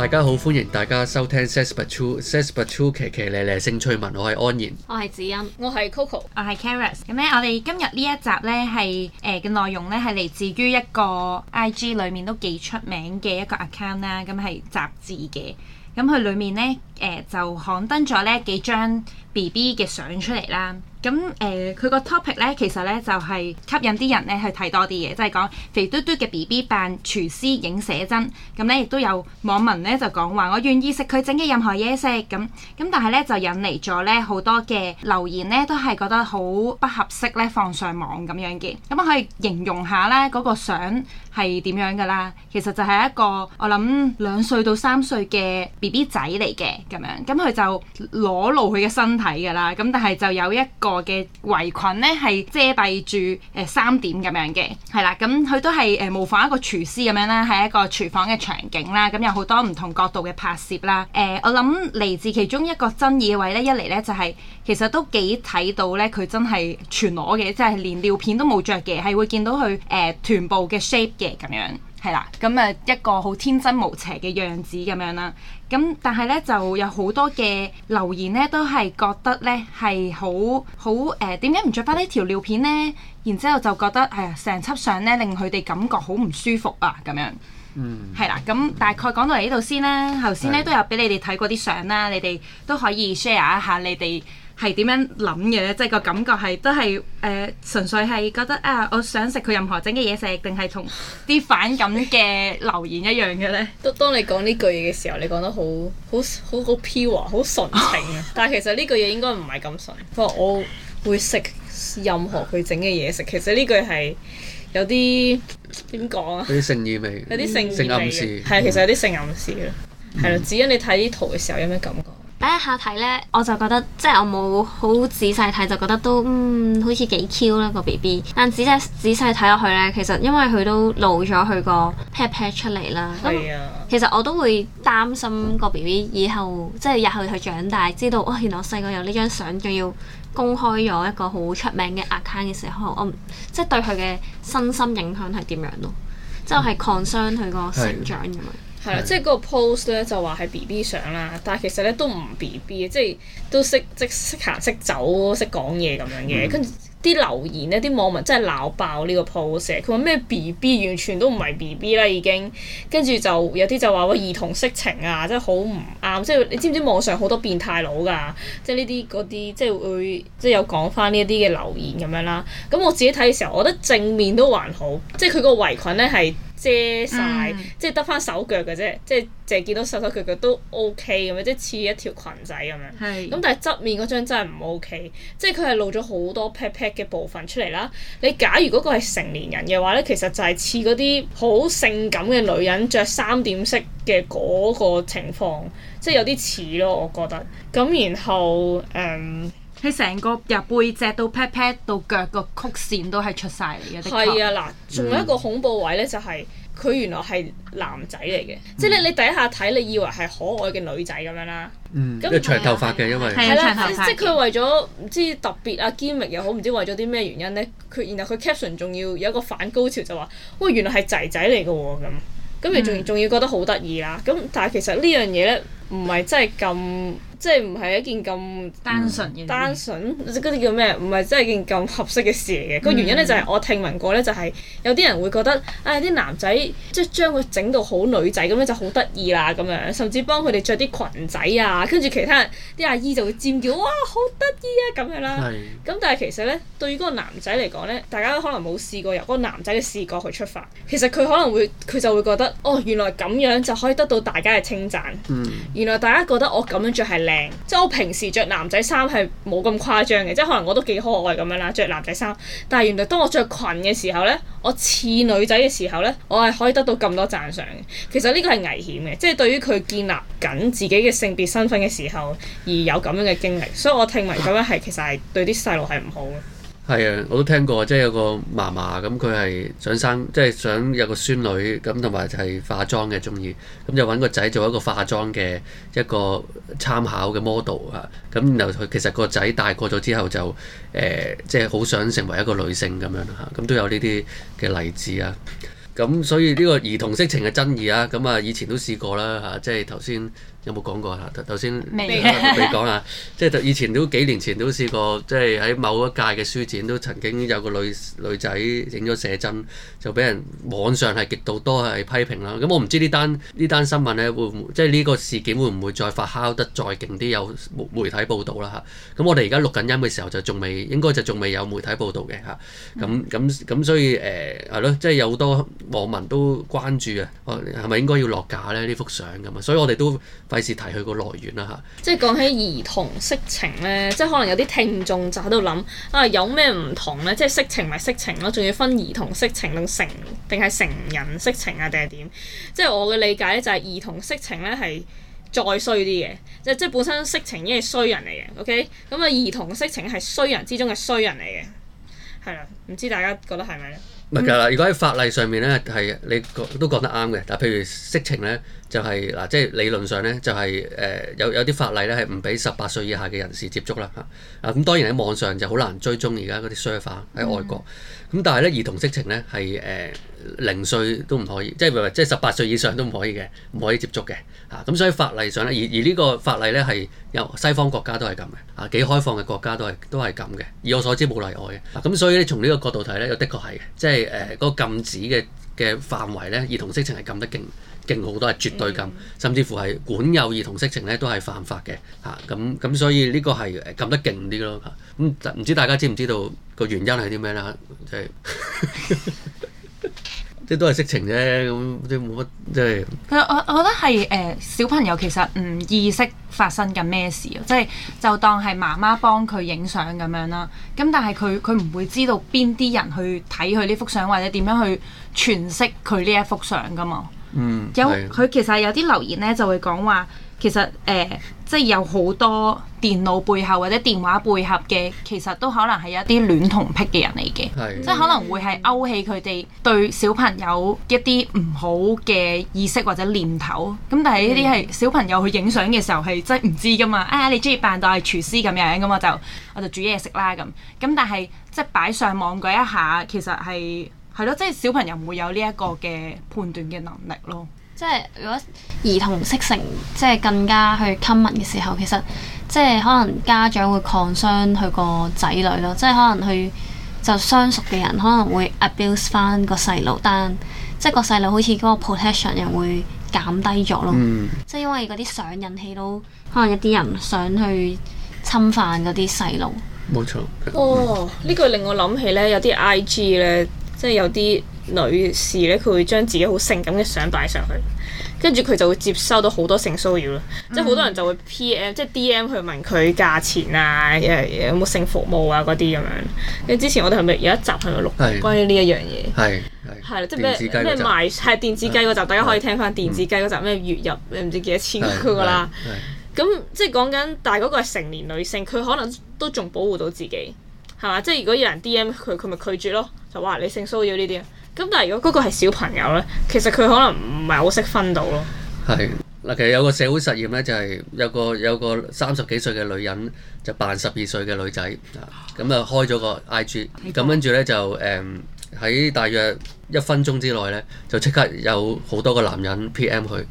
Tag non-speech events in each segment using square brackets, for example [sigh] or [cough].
大家好，歡迎大家收聽 Says But True，Says But True，騎騎咧咧性趣聞，我係安然，我係子欣，我係 Coco，我係 Karis。咁咧，我哋今日呢一集咧係誒嘅內容咧係嚟自於一個 IG 裏面都幾出名嘅一個 account 啦。咁係雜誌嘅，咁佢裏面咧誒、呃、就刊登咗咧幾張 BB 嘅相出嚟啦。咁誒，佢個 topic 咧，其實咧就係、是、吸引啲人咧去睇多啲嘢，即係講肥嘟嘟嘅 BB 扮廚師影寫真。咁咧亦都有網民咧就講話，我願意食佢整嘅任何嘢食。咁咁但係咧就引嚟咗咧好多嘅留言咧，都係覺得好不合適咧放上網咁樣嘅。咁可以形容下咧嗰、那個相，係點樣嘅啦？其實就係一個我諗兩歲到三歲嘅 B B 仔嚟嘅咁樣，咁、嗯、佢就裸露佢嘅身體㗎啦。咁、嗯、但係就有一個嘅圍裙呢，係遮蔽住誒、呃、三點咁樣嘅，係、嗯、啦。咁、嗯、佢都係誒、呃、模仿一個廚師咁樣啦，喺一個廚房嘅場景啦。咁、嗯嗯、有好多唔同角度嘅拍攝啦。誒、呃，我諗嚟自其中一個爭議位呢，一嚟呢就係、是、其實都幾睇到呢，佢真係全裸嘅，即係連尿片都冇着嘅，係會見到佢誒、呃、臀部嘅 shape。嘅咁樣係啦，咁啊一個好天真無邪嘅樣子咁樣啦，咁但係咧就有好多嘅留言咧，都係覺得咧係好好誒，點解唔着翻呢條尿片咧？然之後就覺得係啊，成輯相咧令佢哋感覺好唔舒服啊，咁樣嗯係啦，咁大概講到嚟呢度先啦。頭先咧都有俾你哋睇過啲相啦，你哋都可以 share 一下你哋。係點樣諗嘅咧？即係個感覺係都係誒、呃，純粹係覺得啊，我想食佢任何整嘅嘢食，定係同啲反感嘅留言一樣嘅咧？當當你講呢句嘢嘅時候，你講得好好好好飄啊，好純情啊！但係其實呢句嘢應該唔係咁純。不過我會食任何佢整嘅嘢食。其實呢句係有啲點講啊？有啲性意味，有啲性意，暗示係其實有啲性暗示咯。係咯、嗯，只因你睇啲圖嘅時候有咩感覺？第一下睇咧，我就覺得即係我冇好仔細睇，就覺得都嗯好似幾 Q 啦個 B B。但仔細仔細睇落去咧，其實因為佢都露咗佢個 pat pat 出嚟啦。咁、啊、其實我都會擔心個 B B 以後即係日後佢長大，知道哦原來，我細個有呢張相，仲要公開咗一個好出名嘅 account 嘅時候，我唔即係對佢嘅身心影響係點樣咯？嗯、即係係 concern 佢個成長咁樣。係啦，即係嗰個 post 咧就話係 B B 相啦，但係其實咧都唔 B B，即係都識即識行識走識講嘢咁樣嘅。跟住啲留言呢，啲網民真係鬧爆呢個 post，佢話咩 B B 完全都唔係 B B 啦已經。跟住就有啲就話喂，兒童色情啊，即係好唔啱。即係你知唔知網上好多變態佬㗎？即係呢啲嗰啲即係會即係有講返呢一啲嘅留言咁樣啦。咁我自己睇嘅時候，我覺得正面都還好，即係佢個圍裙咧係。遮曬、嗯，即係得翻手腳嘅啫，即係淨係見到手手腳腳都 O K 咁樣，即係似一條裙仔咁樣。係的，咁、嗯、但係側面嗰張真係唔 O K，即係佢係露咗好多 pat pat 嘅部分出嚟啦。你假如嗰個係成年人嘅話咧，其實就係似嗰啲好性感嘅女人著三點式嘅嗰個情況，即係有啲似咯，我覺得。咁然後誒。嗯佢成個由背脊到 pat pat 到腳個曲線都係出晒嚟嘅。係啊，嗱，仲有一個恐怖位咧，就係佢原來係男仔嚟嘅，嗯、即係你你第一下睇你以為係可愛嘅女仔咁樣啦。嗯，咁那、嗯、長頭髮嘅，因為係啦、啊，即係佢為咗唔知特別啊，gimmick 又好，唔知為咗啲咩原因咧，佢然後佢 caption 仲要有一個反高潮就話，喂，原來係仔仔嚟嘅喎咁，咁你仲仲要覺得好得意啦，咁但係其實呢樣嘢咧，唔係真係咁。即係唔係一件咁單純嘅、嗯、單純？嗰啲叫咩？唔係，真係一件咁合適嘅事嚟嘅。嗯、個原因咧就係、是、我聽聞過咧，就係、是、有啲人會覺得，哎、得啊，啲男仔即係將佢整到好女仔咁樣就好得意啦，咁樣甚至幫佢哋着啲裙仔啊，跟住其他人啲阿姨就會尖叫，哇，好得意啊咁樣啦。咁是但係其實咧，對於嗰個男仔嚟講咧，大家都可能冇試過由嗰個男仔嘅視角去出發，其實佢可能會，佢就會覺得，哦，原來咁樣就可以得到大家嘅稱讚。嗯、原來大家覺得我咁樣著係。即係我平時着男仔衫係冇咁誇張嘅，即係可能我都幾可愛咁樣啦，着男仔衫。但係原來當我着裙嘅時候呢，我似女仔嘅時候呢，我係可以得到咁多讚賞嘅。其實呢個係危險嘅，即係對於佢建立緊自己嘅性別身份嘅時候而有咁樣嘅經歷，所以我聽聞咁樣係其實係對啲細路係唔好嘅。係啊，我都聽過，即係有個嫲嫲咁，佢係想生，即係想有個孫女咁，同埋就係化妝嘅鍾意咁，就揾個仔做一個化妝嘅一個參考嘅 model 啊。咁然後佢其實個仔大個咗之後就誒、呃，即係好想成為一個女性咁樣嚇，咁都有呢啲嘅例子啊。咁所以呢個兒童色情嘅爭議啊，咁啊以前都試過啦嚇，即係頭先。有冇講過啊？頭頭先未講啊，即係就以前都幾年前都試過，即係喺某一屆嘅書展都曾經有個女女仔影咗寫真，就俾人網上係極度多係批評啦。咁我唔知呢單呢單新聞咧，會唔會即係呢個事件會唔會再發酵得再勁啲，有媒體報導啦嚇。咁我哋而家錄緊音嘅時候就仲未應該就仲未有媒體報導嘅嚇。咁咁咁所以誒係咯，即係有好多網民都關注啊，係咪應該要落架咧呢幅相咁啊？所以我哋都。費事提佢個來源啦、啊、嚇！即係講起兒童色情咧，即係可能有啲聽眾就喺度諗啊，有咩唔同咧？即係色情咪色情，我仲要分兒童色情定成定係成人色情啊？定係點？即係我嘅理解咧，就係兒童色情咧係再衰啲嘅，即即本身色情已經係衰人嚟嘅。OK，咁啊兒童色情係衰人之中嘅衰人嚟嘅，係啦。唔知大家覺得係咪咧？唔係噶啦，如果喺法例上面咧，係你都講得啱嘅。但譬如色情咧。就係、是、嗱，即係理論上咧，就係、是、誒、呃、有有啲法例咧係唔俾十八歲以下嘅人士接觸啦嚇。啊咁、啊、當然喺網上就好難追蹤，而家嗰啲 server 喺外國。咁、嗯、但係咧兒童色情咧係誒零歲都唔可以，即係即係十八歲以上都唔可以嘅，唔可以接觸嘅嚇。咁、啊、所以法例上咧，而而呢個法例咧係有西方國家都係咁嘅嚇，幾、啊、開放嘅國家都係都係咁嘅。以我所知冇例外嘅。咁、啊、所以從呢個角度睇咧，又的確係即係誒嗰個禁止嘅嘅範圍咧，兒童色情係禁得勁。勁好多係絕對禁，嗯、甚至乎係管有兒童色情咧，都係犯法嘅嚇。咁、啊、咁，所以呢個係禁得勁啲咯。咁、啊、唔知大家知唔知道個原因係啲咩啦？即係即都係色情啫。咁啲冇乜即係。我、就是、我覺得係誒、呃、小朋友其實唔意識發生緊咩事啊，即、就、係、是、就當係媽媽幫佢影相咁樣啦。咁但係佢佢唔會知道邊啲人去睇佢呢幅相，或者點樣去詮釋佢呢一幅相噶嘛。嗯，有佢是的 其實有啲留言咧就會講話，其實誒、呃、即係有好多電腦背後或者電話背後嘅，其實都可能係有一啲戀童癖嘅人嚟嘅，是的 即係可能會係勾起佢哋對小朋友一啲唔好嘅意識或者念頭。咁但係呢啲係小朋友去影相嘅時候係真係唔知噶嘛、嗯、啊！你中意扮到係廚師咁樣噶嘛，就我就煮嘢食啦咁。咁但係即係擺上網嗰一下，其實係。係咯，即係，就是，小朋友唔會有呢一個嘅判斷嘅能力咯。即係如果兒童色情，即係更加去親密嘅時候，其實即係可能家長會擴傷佢個仔女咯。即係可能佢就相熟嘅人可能會 abuse 翻個細路，但即係個細路好似嗰個 protection 又會減低咗咯。嗯、即係因為嗰啲相引起到可能一啲人想去侵犯嗰啲細路。冇錯。哦，呢、這個令我諗起咧，有啲 IG 咧。即係有啲女士咧，佢會將自己好性感嘅相擺上去，跟住佢就會接收到好多性騷擾啦。嗯、即係好多人就會 PM 即係 DM 去問佢價錢啊，有冇性服務啊嗰啲咁樣。跟住之前我哋係咪有一集係咪錄關於呢一樣嘢？係係啦，即係咩咩賣係電子雞嗰集，集啊、大家可以聽翻、嗯、電子雞嗰集咩月入你唔知幾多千嗰、嗰個、個啦。咁即係講緊，但係嗰個係成年女性，佢可能都仲保護到自己。係嘛？即係如果有人 D M 佢，佢咪拒絕咯？就話你性騷擾呢啲啊！咁但係如果嗰個係小朋友咧，其實佢可能唔係好識分到咯。係嗱，其實有個社會實驗咧，就係、是、有個有個三十幾歲嘅女人就扮十二歲嘅女仔啊，咁、嗯、啊開咗個 I G，咁跟住咧就誒喺、嗯、大約一分鐘之內咧就即刻有好多個男人 P M 佢。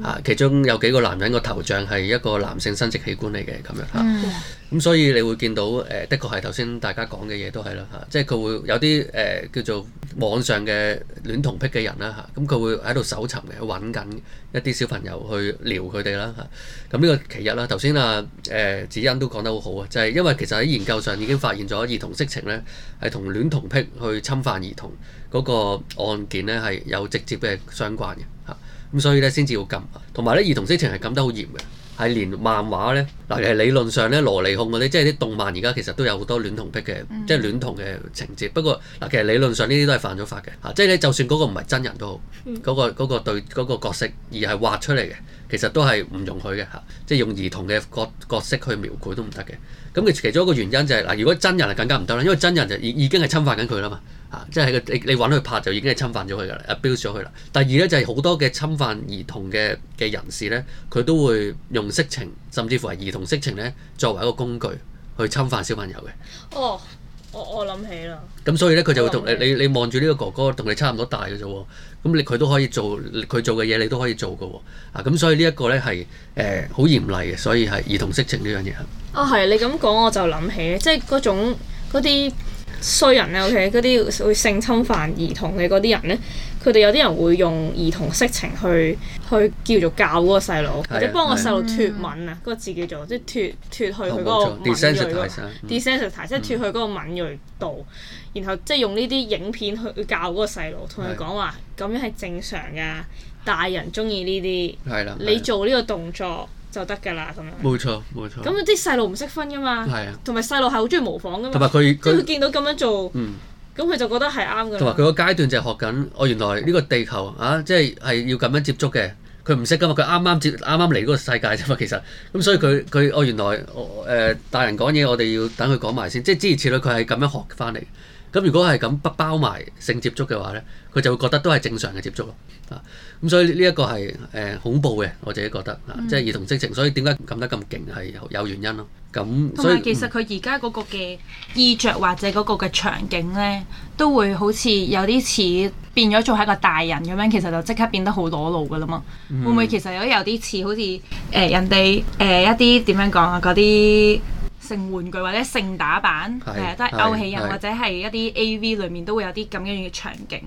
啊，其中有幾個男人個頭像係一個男性生殖器官嚟嘅咁樣嚇，咁 Yeah.、嗯、所以你會見到誒，的確係頭先大家講嘅嘢都係啦嚇，即係佢會有啲誒、啊、叫做網上嘅戀童癖嘅人啦嚇，咁、啊、佢、啊啊、會喺度搜尋嘅，揾緊一啲小朋友去撩佢哋啦嚇，咁呢個其一啦。頭先啊誒、啊，子欣都講得好好啊，就係因為其實喺研究上已經發現咗兒童色情咧係同戀童癖去侵犯兒童嗰個案件咧係有直接嘅相關嘅嚇。啊。咁所以咧先至要撳，同埋咧兒童色情係撳得好嚴嘅，係連漫畫咧，嗱其實理論上咧，蘿莉控嗰啲，即係啲動漫而家其實都有好多戀童癖嘅，即係戀童嘅情節。不過嗱，其實理論上呢啲都係犯咗法嘅，嚇，即係、嗯、你就算嗰個唔係真人都好，嗰、嗯個嗰、個對嗰、個角色而係畫出嚟嘅。其實都係唔容許嘅嚇，即係用兒童嘅角角色去描繪都唔得嘅。咁嘅其中一個原因就係嗱，如果真人係更加唔得啦，因為真人就已已經係侵犯緊佢啦嘛嚇，即係喺個你你揾佢拍就已經係侵犯咗佢㗎啦，誒 abuse 咗佢啦。第二呢，就係好多嘅侵犯兒童嘅嘅人士呢，佢都會用色情，甚至乎係兒童色情呢作為一個工具去侵犯小朋友嘅。哦。Oh. 我我諗起啦，咁所以咧，佢就會同你你你望住呢個哥哥，同你差唔多大嘅啫喎，咁你佢都可以做，佢做嘅嘢你都可以做㗎喎，哦，啊，咁所以呢一個咧係誒好嚴厲嘅，所以係兒童色情呢，哦，樣嘢啊，係你咁講，我就諗起，即係嗰種嗰啲衰人咧，OK，嗰啲會性侵犯兒童嘅嗰啲人咧。佢哋有啲人會用兒童色情去去叫做教嗰個細路，或者幫個細路脱敏啊，嗰個字叫做即係脱脱去嗰個敏即係脱去嗰個敏鋭度，然後即係用呢啲影片去教嗰個細路，同佢講話，咁樣係正常㗎，大人鍾意呢啲，你做呢個動作就得㗎啦咁樣。冇錯冇錯。咁啲細路唔識分㗎嘛，同埋細路係好鍾意模仿㗎嘛，即係佢見到咁樣做。咁佢就覺得係啱嘅，同埋佢個階段就係學緊，哦原來呢個地球啊，即係係要咁樣接觸嘅，佢唔識㗎嘛，佢啱啱接啱啱嚟嗰個世界啫嘛，其實，咁所以佢佢，哦原來，誒、呃、大人講嘢，我哋要等佢講埋先，即係之前次女，佢係咁樣學翻嚟。咁如果係咁不包埋性接觸嘅話咧，佢就會覺得都係正常嘅接觸咯。啊，咁所以呢一個係誒、呃、恐怖嘅，我自己覺得、啊嗯、即係兒童色情，所以點解禁得咁勁係有原因咯。咁同埋其實佢而家嗰個嘅衣着或者嗰個嘅場景咧，都會好似有啲似變咗做係一個大人咁樣，其實就即刻變得好裸露噶啦嘛。嗯、會唔會其實有有啲似好似誒、呃、人哋誒、呃、一啲點、呃、樣講啊嗰啲？性玩具或者性打扮，誒是都係勾起人，是或者係一啲 A.V. 裡面都會有啲咁樣嘅場景。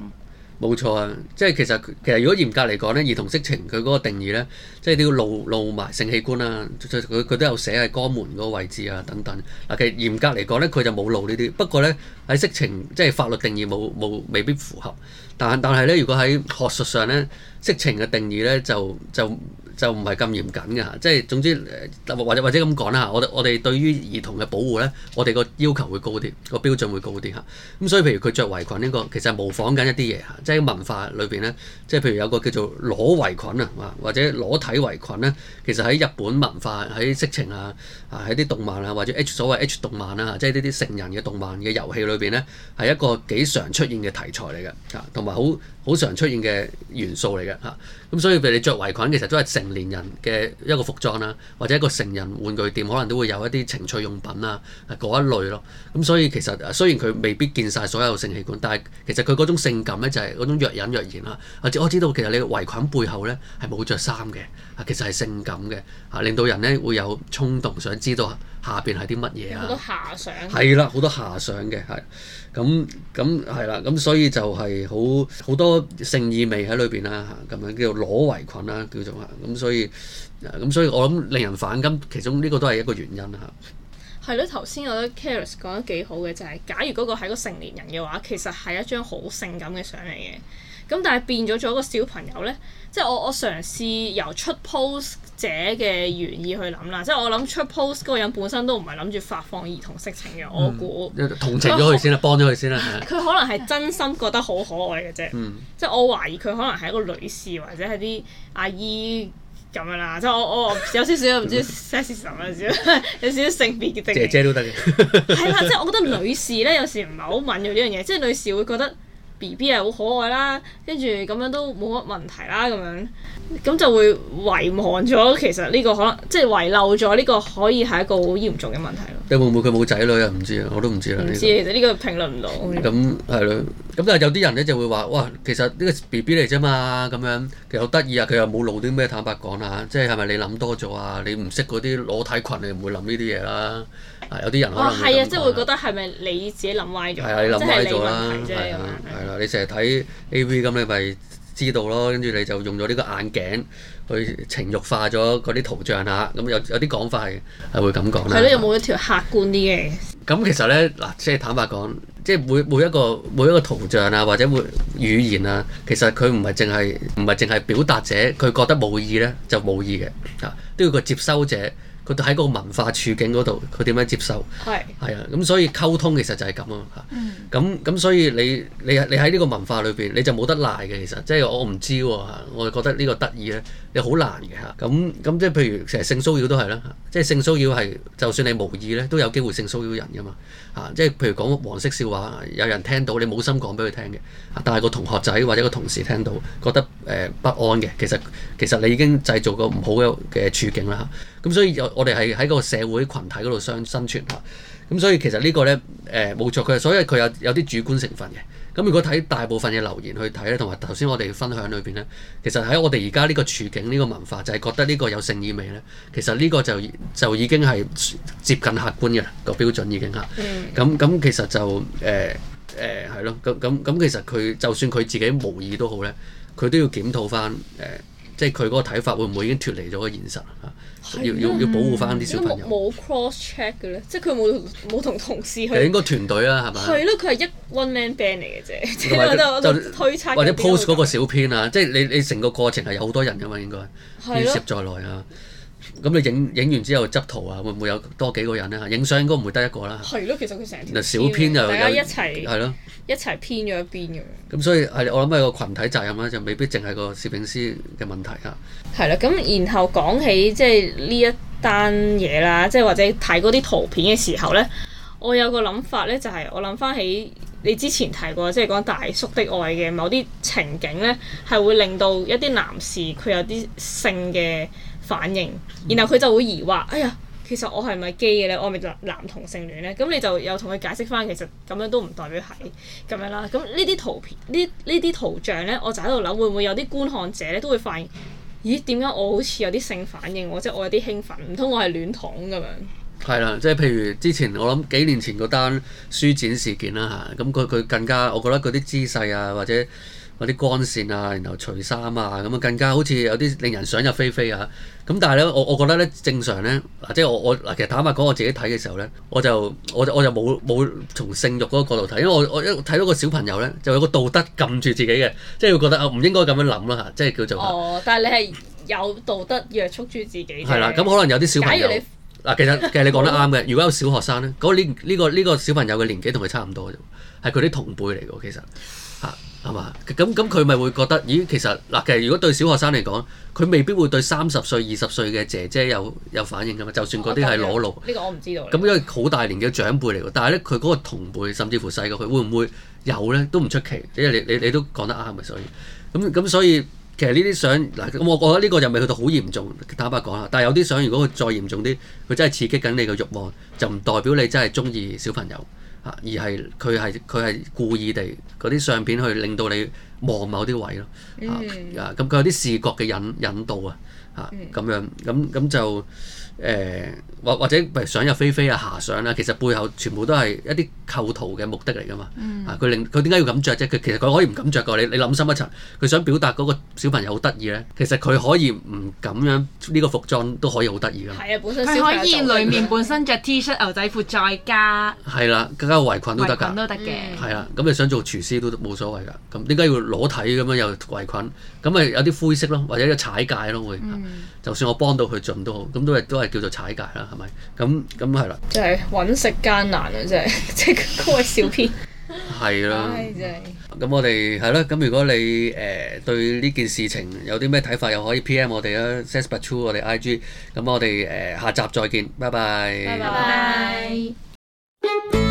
冇錯啊，即係其實其實如果嚴格嚟講咧，兒童色情佢嗰個定義咧，即係都要露露埋性器官啦、啊，佢佢都有寫喺肛門嗰個位置啊等等。嗱，其實嚴格嚟講咧，佢就冇露呢啲，不過咧喺色情即係法律定義冇冇未必符合，但但係咧，如果喺學術上咧，色情嘅定義咧就就。就就就唔係咁嚴謹嘅，即係總之誒，或者或者咁講啦嚇，我我哋對於兒童嘅保護咧，我哋個要求會高啲，個標準會高啲嚇。咁所以譬如佢着圍裙呢個，其實係模仿緊一啲嘢嚇，即係文化裏邊咧，即係譬如有個叫做裸圍裙啊，或者裸體圍裙咧，其實喺日本文化喺色情啊。喺啲、啊、動漫啊，或者 H 所謂 H 動漫啊，即係呢啲成人嘅動漫嘅遊戲裏邊呢，係一個幾常出現嘅題材嚟嘅，嚇、啊，同埋好好常出現嘅元素嚟嘅，嚇、啊。咁、啊、所以譬如你着圍裙，其實都係成年人嘅一個服裝啦、啊，或者一個成人玩具店可能都會有一啲情趣用品啦，嗰、啊啊、一類咯。咁、啊、所以其實、啊、雖然佢未必見晒所有性器官，但係其實佢嗰種性感呢，就係、是、嗰種若隱若現啦，或、啊、者我知道其實你圍裙背後呢，係冇着衫嘅。其實係性感嘅，嚇令到人咧會有衝動，想知道下邊係啲乜嘢啊！好多遐想係啦，好多遐想嘅，係咁咁係啦，咁所以就係好好多性意味喺裏邊啦，嚇咁樣叫做裸圍裙啦，叫做啊，咁所以咁所以我諗令人反感，其中呢個都係一個原因啦，嚇係咯，頭先我覺得 Caris 講得幾好嘅就係、是，假如嗰個係個成年人嘅話，其實係一張好性感嘅相嚟嘅。咁但係變咗咗個小朋友咧，即係我我嘗試由出 post 者嘅原意去諗啦，即係我諗出 post 嗰個人本身都唔係諗住發放兒童色情嘅，我估、嗯、同情咗佢先啦，很幫咗佢先啦。佢可能係真心覺得好可愛嘅啫，嗯、即係我懷疑佢可能係一個女士或者係啲阿姨咁樣啦。即係我我有少少唔知 sexism，有少少性別嘅定義。姐姐都得嘅。係 [laughs] 啦，即係我覺得女士咧有時唔係好敏感呢樣嘢，即係女士會覺得。B B 係，好可愛啦，跟住咁樣都冇乜問題啦，咁樣咁就會遺忘咗，其實呢個可能即係遺漏咗呢個可以係一個好嚴重嘅問題咯。你會唔會佢冇仔女啊？唔知啊，我都唔知啦。唔知，這個、其實呢個評論唔到。咁係咯，咁、嗯嗯、但係有啲人咧就會話：哇，其實呢個 B B 嚟啫嘛，咁樣其實好得意啊，佢又冇露啲咩，坦白講啦，即係係咪你諗多咗啊？你唔識嗰啲裸體群，你唔會諗呢啲嘢啦。有啲人可能哦，係啊，即係會覺得係咪你自己諗歪咗？係啊，你諗歪咗啦，係啊，係啦，你成日睇 AV 咁，你咪知道咯。跟住你就用咗呢個眼鏡去情慾化咗嗰啲圖像啊。咁有，有啲講法係係會咁講咧。係咯，有冇一條客觀啲嘅？咁其實咧嗱，即係坦白講，即係每每一個每一個圖像啊，或者每一個語言啊，其實佢唔係淨係，唔係淨係表達者佢覺得冇意咧，就冇意嘅啊，都要個接收者。佢喺個文化處境嗰度，佢點樣接受，係係啊，咁是所以溝通其實就係咁啊嚇。咁咁、嗯、所以你你喺呢個文化裏邊，你就冇得賴嘅。其實即係、就是、我唔知喎嚇、啊，我覺得呢個得意咧，你好難嘅嚇。咁咁即係譬如成日性騷擾都係啦，即、就、係、是、性騷擾係就算你無意咧，都有機會性騷擾人噶嘛嚇。即、啊、係譬如講黃色笑話，有人聽到你冇心講俾佢聽嘅，但係個同學仔或者個同事聽到覺得誒、呃、不安嘅，其實其實你已經製造個唔好嘅嘅處境啦。咁所以又我哋係喺嗰個社會群體嗰度相生存嚇，咁所以其實呢個咧誒冇錯嘅，所以佢有有啲主觀成分嘅。咁如果睇大部分嘅留言去睇咧，同埋頭先我哋分享裏邊咧，其實喺我哋而家呢個處境呢個文化就係覺得呢個有誠意味咧，其實呢個就就已經係接近客觀嘅個標準已經嚇。咁咁其實就誒誒係咯，咁咁咁其實佢就算佢自己無意都好咧，佢都要檢討翻誒，即係佢嗰個睇法會唔會已經脫離咗個現實。要要要保護翻啲小朋友。冇 cross check 嘅咧，即係佢冇冇同同事去，就應該團隊啦，係咪？係咯，佢係一 one man band 嚟嘅啫。即者 [laughs] 都就推測。或者 post 嗰個小編啊，即係 [laughs] 你你成個過程係有好多人噶、啊、嘛，應該見識的在內啊。咁你影影完之後執圖啊，會唔會有多幾個人咧？影相應該唔會得一個啦。係咯，其實佢成嗱小編就有大家一齊係咯，的一齊編咗一邊嘅。咁所以係我諗係個群體責任啦，就未必淨係個攝影師嘅問題啊。係啦，咁然後講起即係呢一單嘢啦，即係或者睇嗰啲圖片嘅時候咧，我有個諗法咧、就係，就係我諗翻起你之前提過即係講大叔的愛嘅某啲情景咧，係會令到一啲男士佢有啲性嘅。反應，然後佢就會疑惑，哎呀，其實我係咪 gay 嘅咧？我係咪男男同性戀咧？咁你就又同佢解釋翻，其實咁樣都唔代表係咁樣啦。咁呢啲圖片，呢呢啲圖像咧，我就喺度諗會唔會有啲觀看者咧都會發現，咦，點解我好似有啲性反應？即係我有啲興奮，唔通我係戀童咁樣？係啦，即係譬如之前我諗幾年前嗰單書展事件啦吓，咁佢佢更加，我覺得嗰啲姿勢啊或者。嗰啲光線啊，然後除衫啊，咁啊更加好似有啲令人想入非非啊！咁但係咧，我我覺得咧正常咧，即係我我嗱其實坦白講，我自己睇嘅時候咧，我就我就我就冇冇從性慾嗰個角度睇，因為我我一睇到一個小朋友咧，就有個道德撳住自己嘅，即係會覺得唔應該咁樣諗啦嚇，即係叫做哦。但係你係有道德約束住自己。係啦，咁可能有啲小朋友嗱，其實其實你講得啱嘅。 [laughs] 如果有小學生咧，嗰呢呢個呢、這個這個這個小朋友嘅年紀同佢差唔多啫，係佢啲同輩嚟嘅喎，其實嚇。係嘛？咁咁佢咪會覺得？咦，其實嗱，其實如果對小學生嚟講，佢未必會對三十歲、二十歲嘅姐姐有有反應㗎嘛？就算嗰啲係裸露，呢個我唔知道。咁因為好大年嘅長輩嚟嘅，但係咧佢嗰個同輩，甚至乎細過佢，會唔會有咧？都唔出奇。即係你你你都講得啱嘅，所以咁咁所以其實呢啲相嗱，我覺得呢個又未去到好嚴重，坦白講啦。但係有啲相，如果佢再嚴重啲，佢真係刺激緊你嘅慾望，就唔代表你真係中意小朋友。啊！而係佢係佢係故意地嗰啲相片去令到你。望某啲位咯，咁佢有啲視覺嘅引引導啊，嚇咁樣咁咁就誒或或者想入非非啊、遐想啦，其實背後全部都係一啲構圖嘅目的嚟噶嘛，佢令佢點解要咁著啫？佢其實佢可以唔敢着噶，你你諗深一層，佢想表達嗰個小朋友好得意咧，其實佢可以唔咁樣呢個服裝都可以好得意噶。係啊，本佢可以裡面本身着 T 恤牛仔褲再加係啦，加個圍裙都得㗎，都得嘅。係啦，咁你想做廚師都冇所謂㗎，咁點解要？裸體咁樣又圍裙，咁咪有啲灰色咯，Onion, 或者有踩界咯會。就算、evet、我幫到佢盡都好，咁都係都係叫做踩界啦，係咪？咁咁係啦。即係揾食艱難啊！即係即係嗰位小編。係啦。咁我哋係咯，咁如果你誒對呢件事情有啲咩睇法，又可以 P.M 我哋啦 s a y s p a t o o 我哋 I.G。咁我哋誒下集再見，拜拜。拜拜。